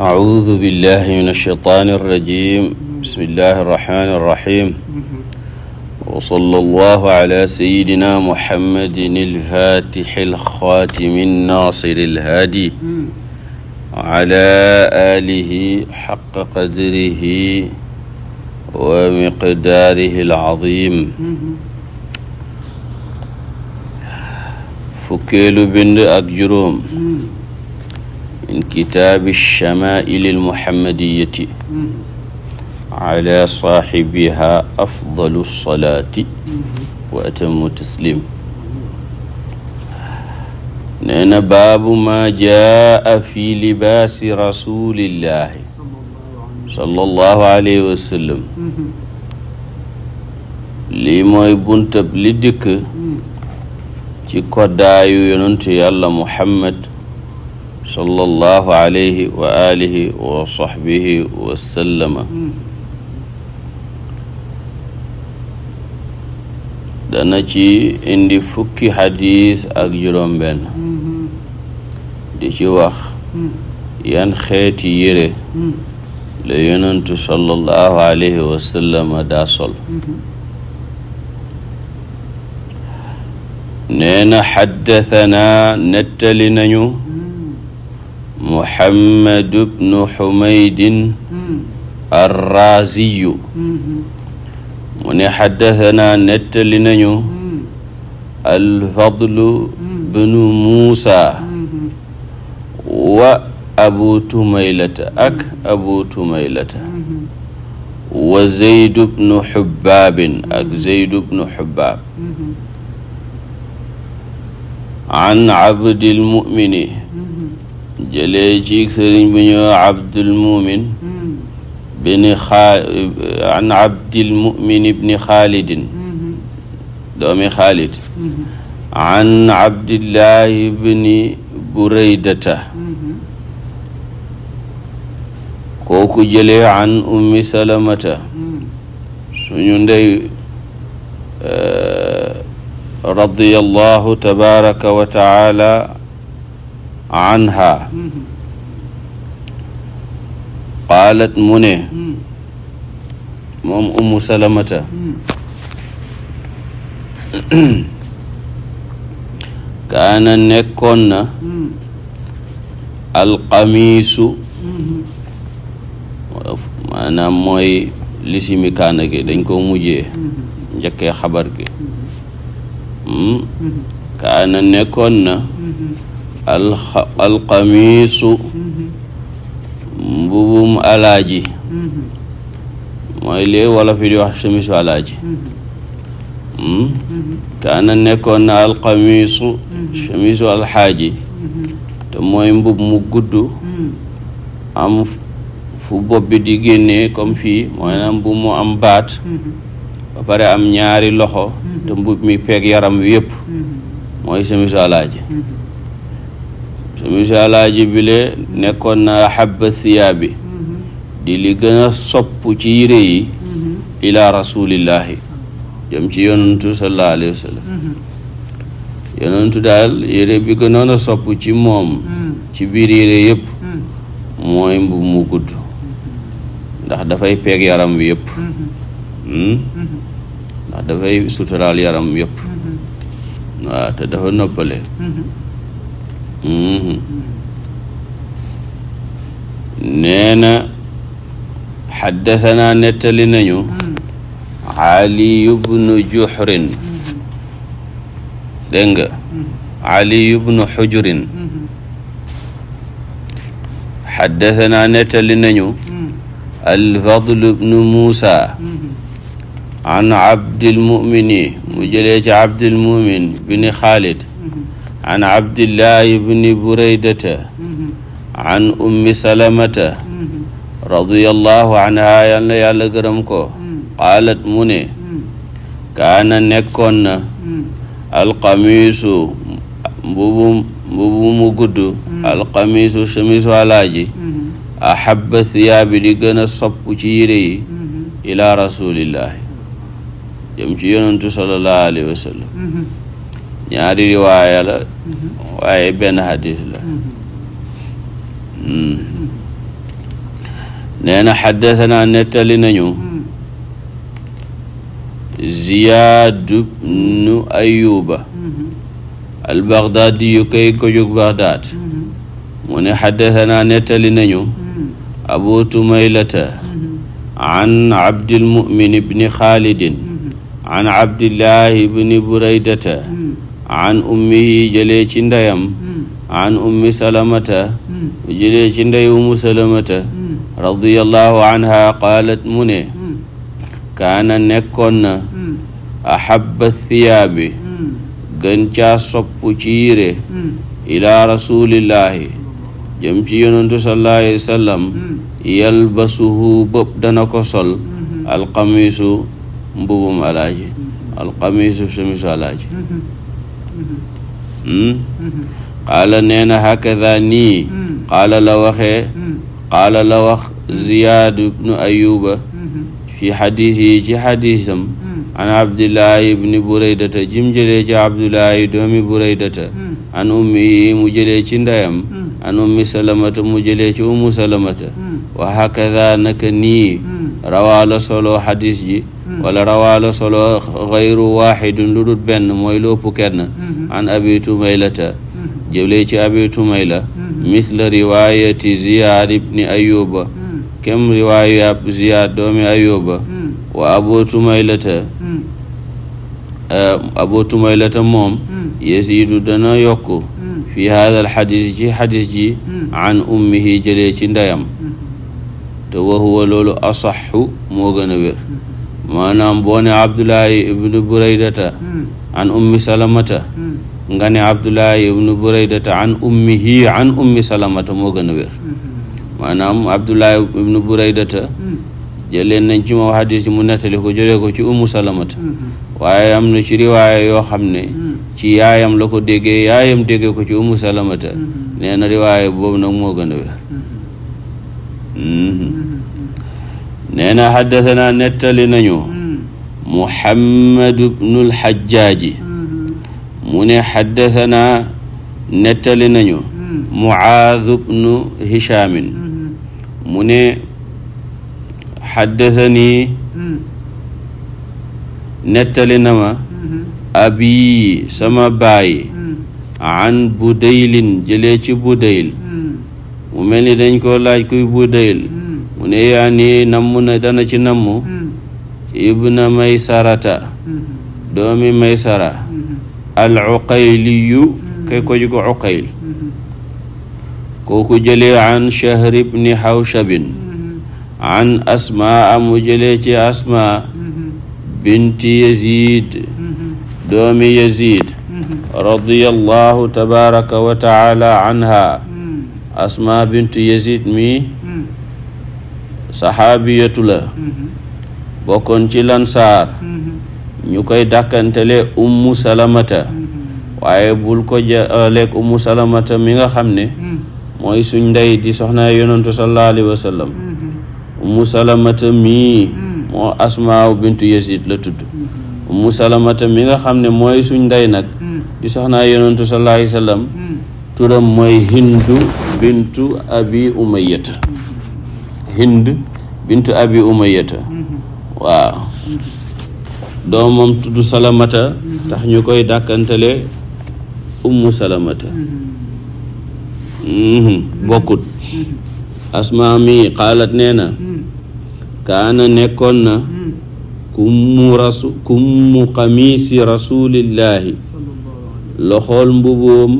أعوذ بالله من الشيطان الرجيم بسم الله الرحمن الرحيم وصلى الله على سيدنا محمد الفاتح الخاتم الناصر الهادي وعلى آله حق قدره ومقداره العظيم fukkeelu bind ak juróom min kitaabi shamaa'ili l-muhammadiyati ala saaxibiha afdalu salaati wa atammu taslim nee na baabu maa jaa fi libaasi rasulillahi sallallahu alayhi wa sallam lii mooy buntab li dikk ci koddaayu yonentu yàlla muhammad sallallahu alayhi wa alihi wa dana ci indi fukki xadis ak juróom di ci wax yan xeeti yére la yonentu sallallahu alayhi wa sallama daa sol nee na xaddatanaa nettali nañu muhammad bnu xumaydin hmm. arraziyu hmm. mu ne xaddatanaa nettali nañu hmm. alfadlu bnu muusa wa abu tumaylata ak abu tumaylata wa zeydu bnu xubbaabin ak zeydu bnu xubbaab an abdilmumini jëlee ci sëriñ bu ñu abdul mumin bini xaa an abdil mumin ibni xaalidin doomi xaalid an abdillahi ibni buraydata kooku jëlee an ummi salamata suñu ndey eh, radiyallahu tabaraka wa taala anha qaalat mu ne moom ummu salamata kaana nekkoon na alxamiisu maanaam mooy lisimi kaana gi dañ ko mujjee njëkkee xabar gi hmm? kaana nekkoon na alxamiisu mbubum alaaji mooy lii wolof yi di wax chemisu alaaji kaana hmm? nekkoon na alxamiisu chemisu alxaaji te mooy mbub mu gudd am fu bopp bi di génnee comme fii mooy na mbub mu am baat ba pare am ñaari loxo te mbub mi peeg yaram wi yépp mooy chemisu alaaji misaal laaji bile nekkoon na habba bi di li gën a sopp ci yére yi ila rasulillahi jëm ci yonantu sallallahu wa sallam yonantu daal yére bi gënoon a sopp ci moom ci biir yére yépp mooy mbu mu gudd ndax dafay peeg yaram bi yëpp hmm? ndax dafay suturaal yaram yëpp waaw te dafa noppale Mm-hmm. nee na xaddasanaa nettali nañu ali ibnu juxrin dégg nga ali ibnu xujrin xaddasanaa nettali nañu alfadl ibnu muusa an abdilmumini mu jëlee ci abdilmumin bini xaalid an abdillahi bni buraydata an ummi salamata radiyallahu anha yal na yàlla gërëm ko qaalat mu ne kaana nekkoon na alqamiisu mbubu mbubu mu gudd alqamiisu chemisu alaaji ahabba thiyaabi di gën a sopp ci yére yi ila rasulillahi jëm ci yonentu sallallahu alayhi wa sallam ñaari riwaaya la mm-hmm. waaye benn xadis la mm-hmm. mm-hmm. nee na xaddasanaa nettali nañu Ziyaad bnu Ayuba al-Baghdadi yu koy Baghdad mu ne xaddasanaa nettali nañu Abu Tumaylata an Abdilmumin bni Xaalidin an ummihi jëlee ci ndeyam hmm. an ummi salamata hmm. jëlee ci ndey umu salamata hmm. radiyallahu anha qaalat mu ne kaana nekkoon na ahabba thiyaabi gën caa sopp ci yire ila rasulillahi jëm ci yonentu sallallahu alayhi wa sallam yalbasuhu bëpp dana ko sol alxamisu mbubum alaaji alxamisu semisu alaaji Hmm? qaala nee na hakada nii qaala la waxee qaala la wax ziyaad ibnu ayuba fi xadiis yi ci xadiisam an abdullahi ibni buraydata jim jëlee ci abdullahi doomi buraydata an ummi mu jëlee ci ndeyam an ummi salamata mu jëlee ci ummu salamata wa hakada naka nii rawaa la solo xadiis ji wala rawaala solo xayru waaxidin lu dul benn mooy lopp kenn mm-hmm. an abi tumaylata mm-hmm. jëlee ci abi tumayla mm-hmm. mithla riwaayati ziyaad ibni ayuba kem riwaaya ziyaad doomi ayuba wa abu tumaylata eh, abu tumaylata moom yasiidu dana yokku fi haada alxadis ci xadis ji an ummihi jëlee ci ndeyam te wa huwa loolu asaxu moo gën a wér maanaam boo ne abdullahi ibnu buraydata hmm. an ummi salamata hmm. nga ne abdullahi ibnu buraydata an ummihi an ummi salamata moo gën a wér hmm. maanaam abdullahi ibnu buraydata jëleen nañ ci moom xadis mu nettali ko jëlee ko ci ummu salamata waaye am na ci riwaaya yoo xam ne ci yaayam la ko déggee yaayam déggee ko ci ummu salamata nee na riwaaya boobu nag moo gën a nee na xaddasanaa nettali nañu hmm. muhammadu bnul xajjaaji hmm. mu ne xaddasanaa nettali nañu hmm. mucaadu bnu hishaamin mu ne xaddasanii nettali na ma abii sama baay an budaylin jëlee ci budayl ni dañ koo laaj kuy budayl mu ne yaa nii namm na dana ci namm ibna maysarata hmm. doomi maysara hmm. al uqayliyu hmm. kay ko jugo uqayl kooku jëlee an shahr ibni hawshabin an asmaa mu jëlee ci asmaa binti yazid doomi yazid radiyallahu tabaraka wa taala anha asmaa bintu yazid mi saxaabiyatu la mm-hmm. bokkoon ci lansaar mm-hmm. ñu koy dàkkantele ummu salamata mm-hmm. waaye bul ko jaleeg euh, ummu salamata mi nga xam ne mooy suñ ndey di soxna yonantu sallallahu alayhi wa sallam ummu salamata la tudd ummu salamata mi nga xam ne mooy suñ ndey nag di soxna yonantu sallallahu alayhi turam mooy hindu bintu abi umayyata hind bintu abi umayata waaw doomam tudd salamata tax ñu koy dàkkantale ummu salamata mhm. bokkut asmaa mi xaalat nee na kaana nekkoon na kummu rasu kummu xamiisi rasulillahi loxool mbuboom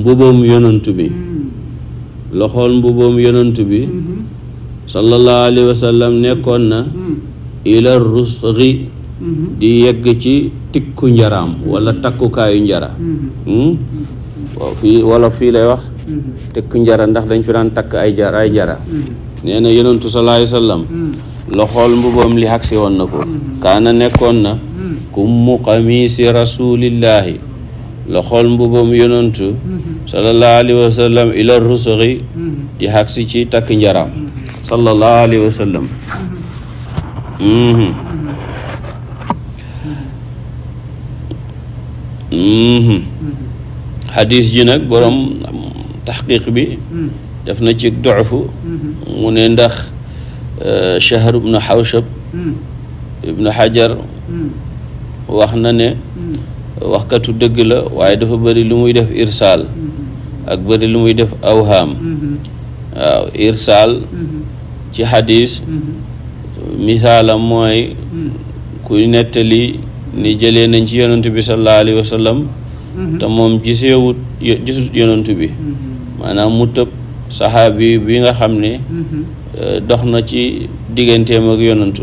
mbuboom yonantu bi mhm. loxool mbuboom yonantu bi mhm. sallallahu alayhi wa nekkoon na hmm. ila rusri hmm. di yegg ci tikku njaram hmm. walla takkukaayu njara fii wala fii lay wax tikku njara ndax dañ fi daan takk ay jar ay jara nee na yonentu sallallahu alayhi wa li xagsi woon na ko kaana nekkoon na kummu qamiisi rasulillahi loxool mbuboom yonentu sallallahu alayhi wa sallam di xagsi ci takk njaram sallallahu alayhi wa sallam xadis mm-hmm. mm-hmm. ji nag boroom taxqiq bi def na ci dofu mm-hmm. mu ne ndax eh, Shahr ibnu Xawshab mm. ibnu Xajar mm. wax na ne mm. waxkatu dëgg la waaye dafa bëri lu muy def irsaal ak bëri lu muy def awhaam waaw irsaal ci xadis mm-hmm. misaalam mooy mm-hmm. kuy nettali ni jëlee nañ ci yonantu bi sallallahu alayhi mm-hmm. te moom giseewut gisut yonantu bi maanaam mu tëb saxaabi bi nga xam ne euh, dox na ci digganteem ak yonantu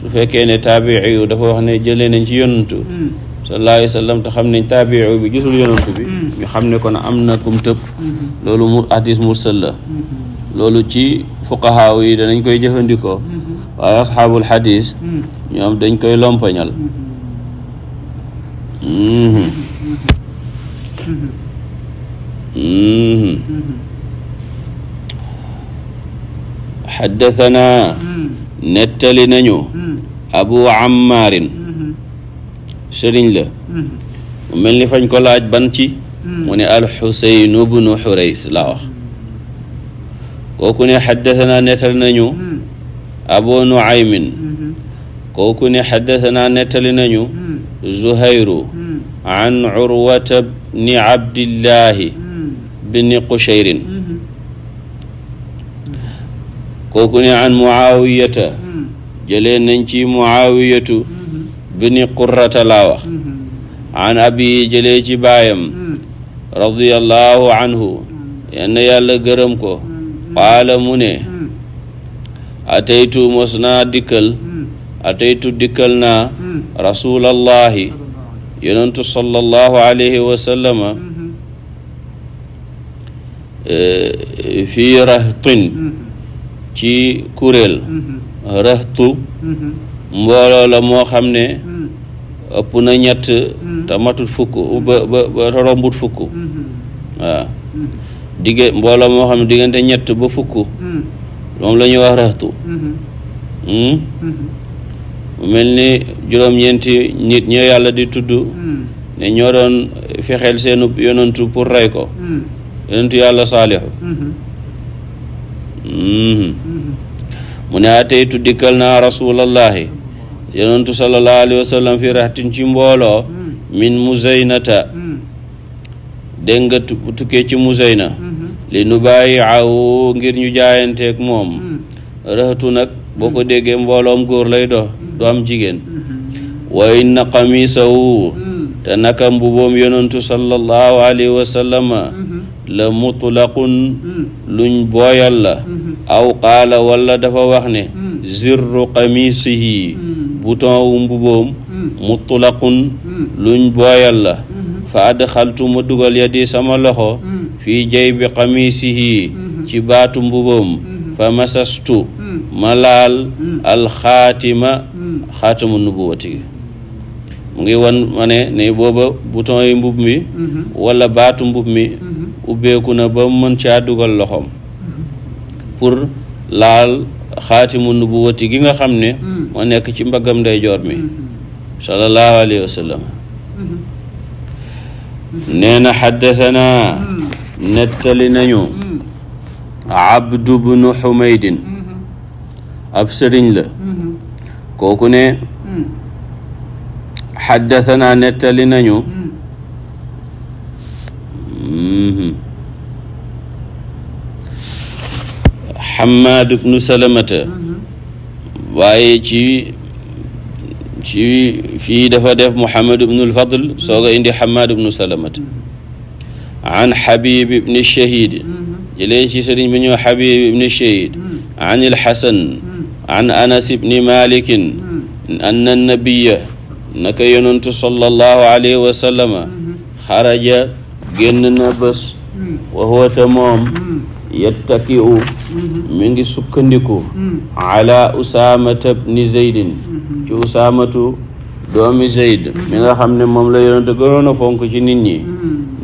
su fekkee ne taabiiyu dafa wax ne jëlee nañ ci yonantu sallallahu alayhi wa sallam te xam ne taabiiyu bi gisul yonantu bi ñu xam ne kon am na kum tëb loolu mu hadis mursal la loolu ci fuqahaaw yi danañ koy jëfandikoo mm-hmm. waaye asxaabul xadis mm-hmm. ñoom dañ koy lompañal xaddasanaa mm-hmm. nettali nañu abu ammaarin sëriñ la mu mel ni fañ ko laaj ban ci mu ne alxuseynu bnu xureys laa wax kooku ne xaddasanaa nettal nañu abu nuaymin kooku ne xaddasanaa nettali nañu hmm. hmm. hmm. zuhayru an urwata bni abdillahi bni qushayrin kooku ne an muawiyata jëlee nañ ci muawiyatu bni qurrata laa wax an abi jëlee ci baayam radiyallahu anhu yenn yàlla gërëm ko qaala mu ne hmm. ataytu mos naa dikkal hmm. ataytu dikkal naa hmm. rasulallahi yonentu sallallahu alayhi wa sallama eh, fii rahtin ci kuréel rahtu mbooloo moo xam ne ëpp na ñett te matut fukk ba ba rombut fukk waaw digge mbooloo moo xam ne diggante ñett ba fukk hmm. moom la ñuy wax rextu hmm. hmm. mel ni juróom-ñeenti nit ñoo yàlla di tudd ne ñoo doon fexeel seenu yonantu pour rey ko yonantu yàlla saalixu mu ne ateytu dikkal naa rasulallahi yonantu salallahu alayhi wa fi raxtin ci mbooloo min muzaynata dégg nga tukkee ci muzayna li nu bàyyi aw ngir ñu jaayanteeg moom mm. rëhtu nag boo ko mm. déggee mbooloom góor lay dox mm. du am jigéen mm-hmm. wa inna qamiisahu te naka mbuboom yonentu sallallahu alayhi wa sallama mm-hmm. la mutlaqun luñ booyal la mm-hmm. aw qaala wala dafa wax ne zirru qamiisihi bouton wu mbuboom mutlaqun luñ booyal la fa adxaltu ma dugal ya di sama loxo fii jaybi qamiisihi mhm. ci baatu mbuboom mhm. fa masastu mhm. ma laal alxaatima xaatamu nubuwati gi mu ngi wan ma ne booba bouton yi mbub mi wala baatu mbub mi ubbeeku na ba mën caa dugal loxoom pour laal xaatimu nubuwati gi nga xam ne moo nekk ci mbaggam ndeyjoor mi sallallahu alayhi wa sallam nee nettali nañu abdu bnu xumaydin ab sëriñ la kooku ne xaddasanaa nettali nañu xamaad bnu salamata waaye ci ci fii dafa def muhammad bnu lfadl sooga indi xamaad bnu salamata an Habib ibni Shahid jëlee ci sëriñ bi ñëw Habib ibni Shahid an il-Hasan an Anas ibni Malik anna nabiya naka yonantu sallallahu alayhi wa sallama xaraja génn na bés wa huwa ta moom yattaki'u mi ngi sukkandiku ala usaamata bni zeydin ci usaamatu doomi zeyd mi nga xam ne moom la yonantu gënoon a fonk ci nit ñi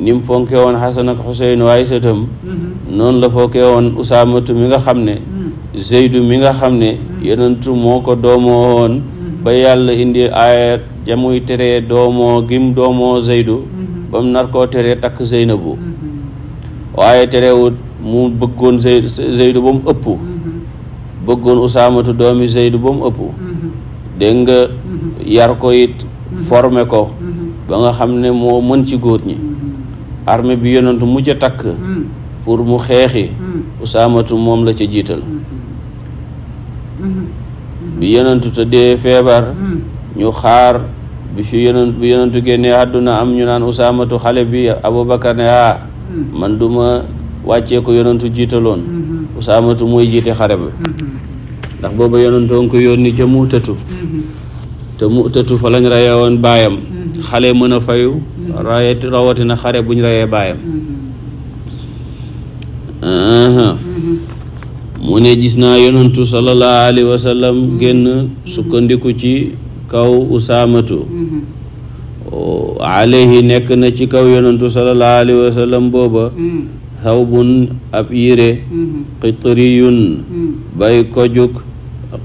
ni mu fonke woon xasan ak xuseyn waaye sëtam mm-hmm. noonu la fonke woon usaamatu mi nga xam ne mm-hmm. zeydu mi nga xam ne mm-hmm. yonentu moo ko doomoo woon ba yàlla indi aaya jamuy teree doomoo gim doomoo zeydu ba koo teree takk zeynabu waaye terewut bëggoon zey zeydu ba mu ëpp bëggoon usaamatu doomi zeydu ba mu ëpp dégg nga yar ko it formé ko ba nga xam ne moo mën ci góor ñi armée bi yonantu mujj a takk hmm. pour mu xeexi hmm. usaamatu moom la ca jiital hmm. bi yonantu tëddee feebar ñu xaar bi fi yonantu génnee àdduna am ñu naan usaamatu xale bi abubakar ne ah man duma wàccee ko yonantu jiitaloon usaamatu mooy jiite xare ba ndax booba yonantoo ngi ko yónni ca muutatu te muutatu fa lañ reyewoon baayam xale mën a fayu rawati rawatina xare buñ rayee baayam mu ne gis naa yonantu sallallahu alayhi wa génn sukkandiku ci kaw usaamatu alayhi nekk na ci kaw yonantu sallallahu alayhi wa sallam booba thawbun ab yére qitriyun bay ko jug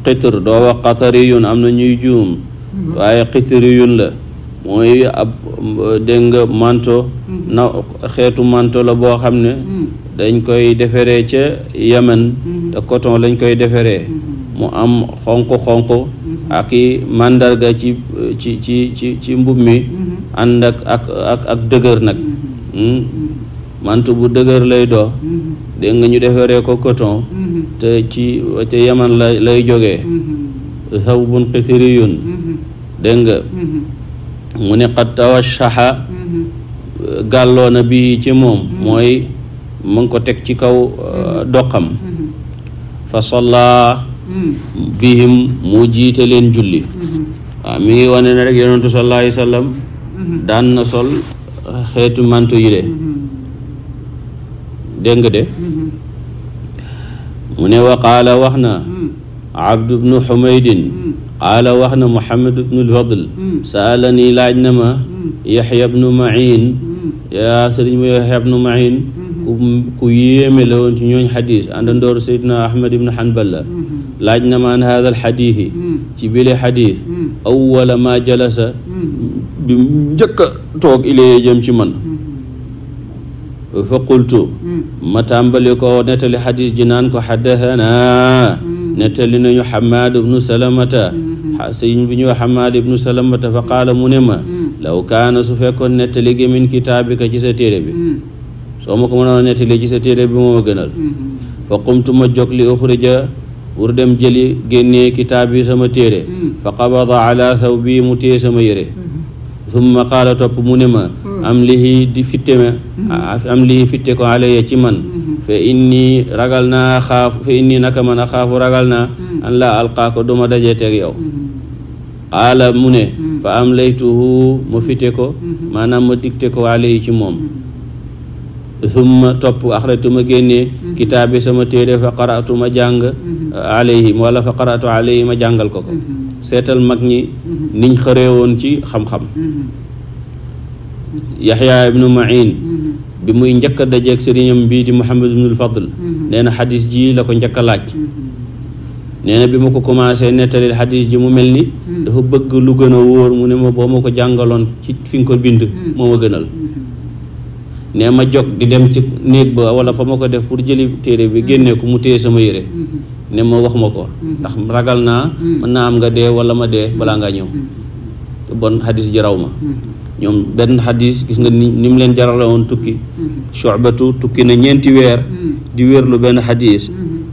qitr doo wax qatariyun am na ñuy juum waaye yun la mooy ab dégg nga manto mm. na xeetu manto la boo xam ne mm. dañ koy defaree ca Yemen mm-hmm. te coton lañ koy defaree mm-hmm. mu am xonq-xonq mm-hmm. aki màndarga ci ci ci ci ci mbub mi ànd ak ak ak ak dëgër nag mm. manto bu dëgër lay doo dégg nga ñu defaree ko coton te ci ca Yemen la lay jógee saw bun xitiriyun dégg nga mu ne qad tawashaha mm-hmm. gàlloona bi ci moom mm-hmm. mooy mu ngi ko teg ci kaw mm-hmm. uh, doqam fa salla bihim mu jiite leen julli waaw ah, mi ngi wane ne rek yonentu sallallahu alayhi wa daan na sol uh, xeetu mantu yi de dégg nga de mu ne wa wax na abdu bnu xumaydin qaala wax na muhammad ibnul fadl hmm. saala nii laaj na ma hmm. yaxya bnu mahin hmm. yaa sëriñ mu yaxya bnu mahin ku ku yéeme la woon ci ñooñ xadis àndandoor seydna ahmad ibnu hanbal la laaj na ma an haada alxadiisi ci bile xadis awwala ma jalasa bi njëkk a toog ilee jëm ci man fa qultu ma tàmbali ko nettali xadis ji naan ko xaddathana nettali nañu xamaad ibnu salamata mm-hmm. sëriñ bi ñuy wax xamaad salamata fa mu ne ma mm-hmm. law kaana su fekkoon nettali gi min kitaabika ci sa téere bi mm-hmm. soo ma ko mënoon nettali ci sa téere bi mo ma gënal fa qumtu ma jóg li uxrija pour dem jëli génnee kitaab bi sama téere fa qabada ala thawbi mu téye sama yére summa qaala topp mu ne ma hmm. am lihi di fitte ma hmm. am lihi fitte ko alaya ci man hmm. fa inni ragal naa xaaf fa inni naka man a xaafu ragal naa an laa alqaa duma dajee teeg yow qaala mu ne fa am laytuhu ma fitte ko maanaam ma digte ko alayhi ci moom summa topp axrajtu ma génne kitaabi sama téere fa qara'tu ma jàng alayhim wala fa qara'tu alayhi ma jàngal ko ko seetal mag ñi mm-hmm. niñ xëree woon ci xam-xam mm-hmm. yaxya ibnu mahin mm-hmm. bi muy njëkk a dajeeg sëriñam bii di muhammad ibnul fadl nee na xadis ji la ko njëkk a laaj nee bi ma ko commencé nettali xadis ji mu mel ni dafa bëgg lu gën a wóor mu ne ma boo ma ko jàngaloon ci fi nga ko bind moo ma gënal nee ma jog di dem ci néeg ba wala fa ma ko def pour jëli téere bi génnee ko mu téye sama yére ne ma wax ma ko mm-hmm. ndax ragal naa mm-hmm. mën naa am nga dee wala ma dee balaa ngaa ñëw mm-hmm. te bon xadis jaraw ma ñoom benn xadis gis nga ni ni mu leen jarale woon tukki Shu'batu tukki na ñeenti weer di lu benn xadis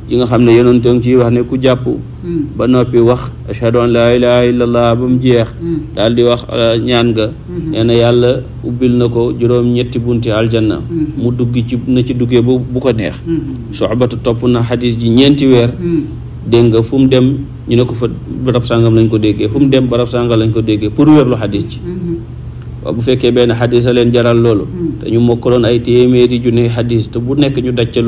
yi nga xam ne yonentoon ciy wax ne ku jàpp hmm. ba noppi wax ashhadu an laa ilaha illallah ba mu jeex hmm. daal di wax uh, ñaan ga hmm. nee yàlla ubbil na ko juróom ñetti bunti aljanna mu dugg ci na ci duggee bu bu ko neex soxbatu topp na xadis ji ñeenti weer dégg nga fu mu dem ñu ne ko fa barab sàngam lañ ko déggee fu mu dem barab sàngam lañ ko déggee pour wérlu xadis ji waaw bu fekkee benn xadis a leen jaral loolu te ñu mokkaloon ay téeméeri junni xadiis te bu nekk ñu daj ca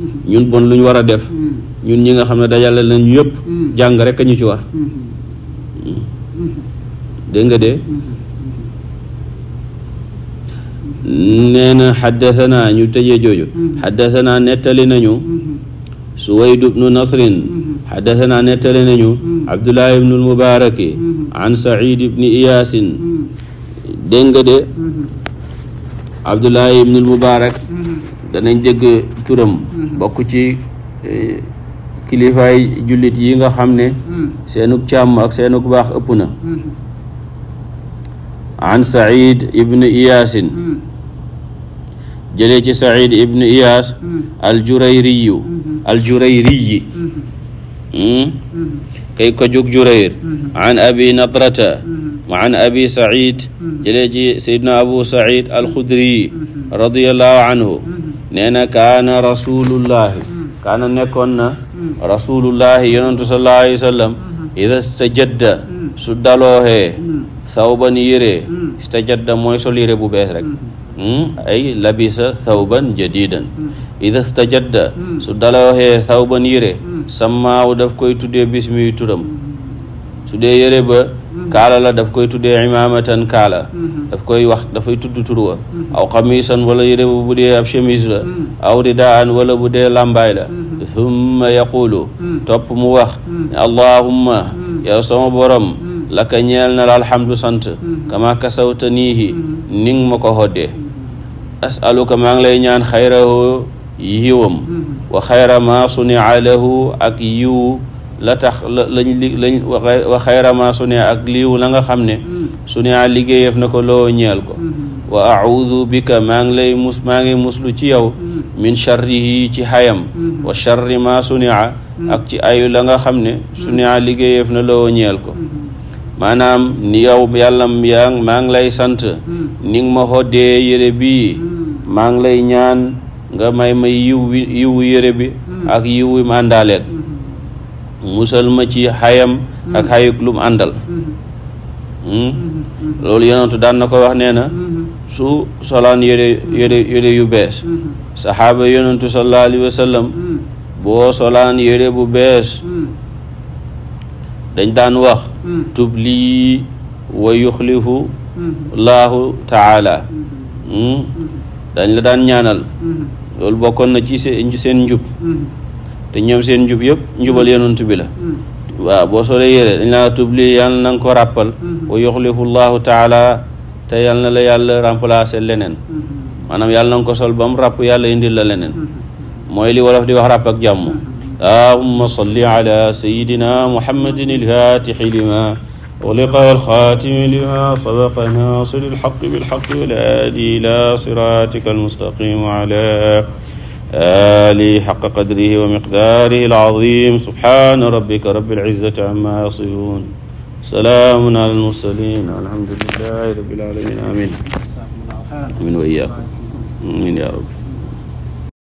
Mm-hmm. ñun bon lu ñu war a def mm-hmm. ñun ñi nga xam ne dajale nañu yëpp mm-hmm. jàng rek a ñu ci war dégg nga de nee na xaddasanaa ñu tëjee jooju xaddasanaa nettali nañu suwayd ibnu nasrin xaddasanaa nettali nañu abdullahi ibnu lmubaraki an said ibni iyaasin dégg nga de abdullahi ibnu lmubarak danañ dégg turam bokk ci eh, kilifaay jullit yi nga xam ne hmm. seenug càmm ak seenug baax ëpp na hmm. an said ibnu iyaasin hmm. jëlee ci said ibnu iyaas aljurayriyu aljurayriyi kay ko jug jurayr an abi nadrata wa an abi said jëlee ci sayidna abu said alxudriyi radiallahu anhu nee na kaana rasulullahi mm. kaana nekkoon na mm. rasulullahi yonentu sallallahu alayhi wa sallam mm-hmm. ida mm. su dalooxee sawban yére stajadda mooy sol yére bu bees rek mm-hmm. ay labisa thawban jadidan ida su dalooxee thawban yére sammaaw daf koy tuddee bismiy turam mm-hmm. su dee yére ba kaala la daf koy tuddee imaamatan kaala mm-hmm. daf koy wax dafay tudd tur wa mm-hmm. aw xamiisan wala yére bu bu dee ab chemise la mm-hmm. aw ridaan wala bu dee làmbaay la thumma yaqulu topp mu wax allahumma yow sama borom laka ñeel na la alhamdu sant kama kasawta niihi ni nga ma ko hoddee asaluka maa ngi lay ñaan xayrahu yiwam wa xayra ma sunia lahu ak yiw la tax la lañ li lañ wa xayrama su ne ak liiw la nga xam ne su ne a na ko loo ñeel ko mm-hmm. wa audu bika maa ngi lay mus maa ngi muslu ci yow mm. min charrihi ci xayam mm-hmm. wa charri ma su mm-hmm. ak ci ayu la nga xam ne su ne a liggéeyef na loo ñeel ko maanaam ni yow yàlla yaa maa ngi lay sant mm. ni nga ma xoddee yére bi mm. maa ngi lay ñaan nga may may yiw yiwu yére bi ak yiwu màndaaleel musal ma ci xayam ak mm-hmm. xayuk lu mu àndal mm-hmm. Hmm? Mm-hmm. loolu yonentu daan na ko wax nee na su solaan yére yére yu bees saxaaba yonentu sallallahu alayhi wa boo solaan yére bu bees dañ daan wax tub lii wa yuxlifu laahu taala hmm? dañ la daan ñaanal loolu bokkoon na ci seen njub te ñoom seen njub yëpp njubal mm. yonent bi la mm. waaw boo solee yére dañ laa tub lii yàlla na nga ko ràppal mm-hmm. wa yuxlifu llahu taala te yàlla na la yàlla remplacer leneen mm-hmm. maanaam yàlla na nga ko sol ba mu ràpp yàlla indil la leneen mm-hmm. mooy li wolof di wax ràpp ak jàmm allahumma salli ala sayidina muhammadin ilfaatixi lima uliqa walxaatimi lima sabaqa naasiri lxaqi bilxaqi walhaadi ila siratika almustaqim ala ali xaqa qadrihi wa miqdaarihi alazim subhana rabbika rabbil izzati amma yasifun salaamun ala almursalin alhamdulilahi rabbil alamin amin amin wa iyaakum amin ya rabbi